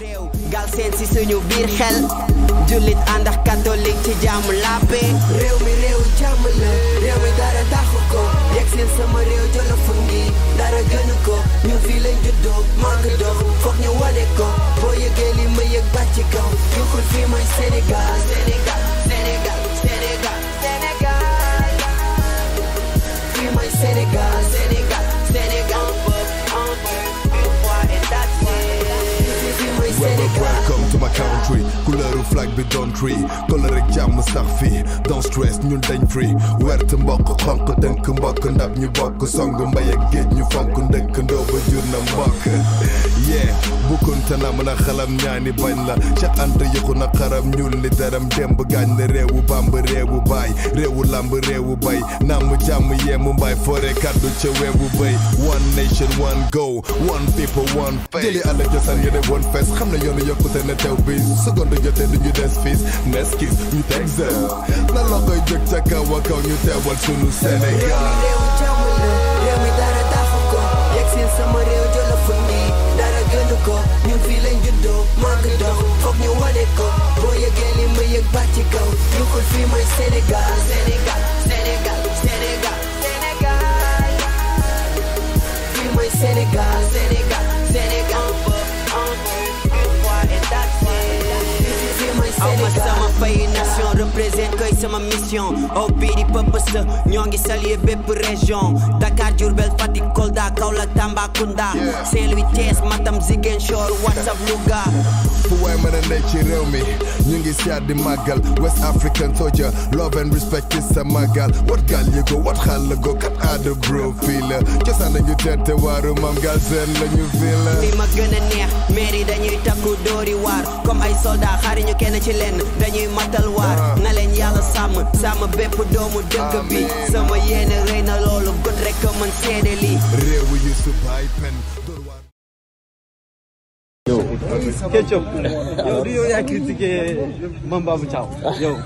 réew gal si suñu biir xel jullit ànd ak catholique ci jàmm làppe réew mi réew jamu la réew mi dara taxu ko yegg seen sama réew jolofu ngi dara gënu ko ñun fii lañ juddoo màgg dox country couleuru flag bi doon tree kola rek jàmm sax Don't stress ñun dañ free wert mbokk xonq dënk mbokk ndab ñu bokk song mbay ak géej ñu fonk ndëkk ndoo ba jur na mbokk yeah bukkunte na mën a xalam ñaani bañ la ca na xaram ñul ni daram demb gaañ na réewu bamb réewu baay réewu lamb bay namm jàmm yeemu mbaay foore kàddu ca weewu bay one nation one go one people one faith jëli àll cosaan yene one fes xam na yoonu yokkute tew bi so go duñu des fiis meskis ñu teg seen na la koy jóg ca kaw a kaw ñu teewal Sénégal réew mi dara taxu ko yegg seen sama mission aw oh, bii di ñoo ngi saluer bépp région Dakar Diourbel Fatick Kolda Kaolack Tambacounda Saint-Louis Thiès Matam Ziguinchor WhatsApp Louga waaye mën a ne ci di West African soldier love and respect ci sa màggal wat gaal yi ko wat xaal la kat aada bro fii la cosaan nañu tette waaru mam gaal seen la ñu fii la ma gën a neex mairie dañuy takku dóori waar comme ay soldat xaariñu kenn ci lenn dañuy matal war na leen yàlla sàmm sàmm bépp doomu bi sama yéene rëy na loolu god rek mën yu su baay pen Ketchup. Yo dio ya critiqué Mamba Bouchao. Yo.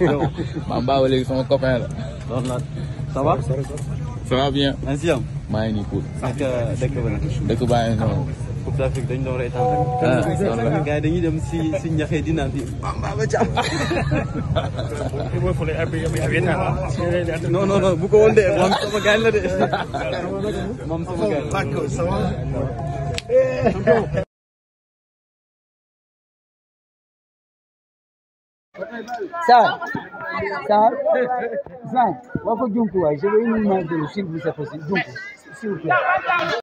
Yo. Mamba Oleg son copain là. Ça va Ça va bien. Merci. Maa ngi nii cool. Ak dëkk ba nag. Dëkk baa ngi noonu. Coupe d'Afrique dañ doon reetaan rek. Noonu la gars yi dañuy dem si si ñaxee di naan fii Mamba Bouchao. Non non non bu ko woon de moom sama gars la de. Moom sama gars. Ça va Sir, sir, sir, wako Junku, je vais une main de s'il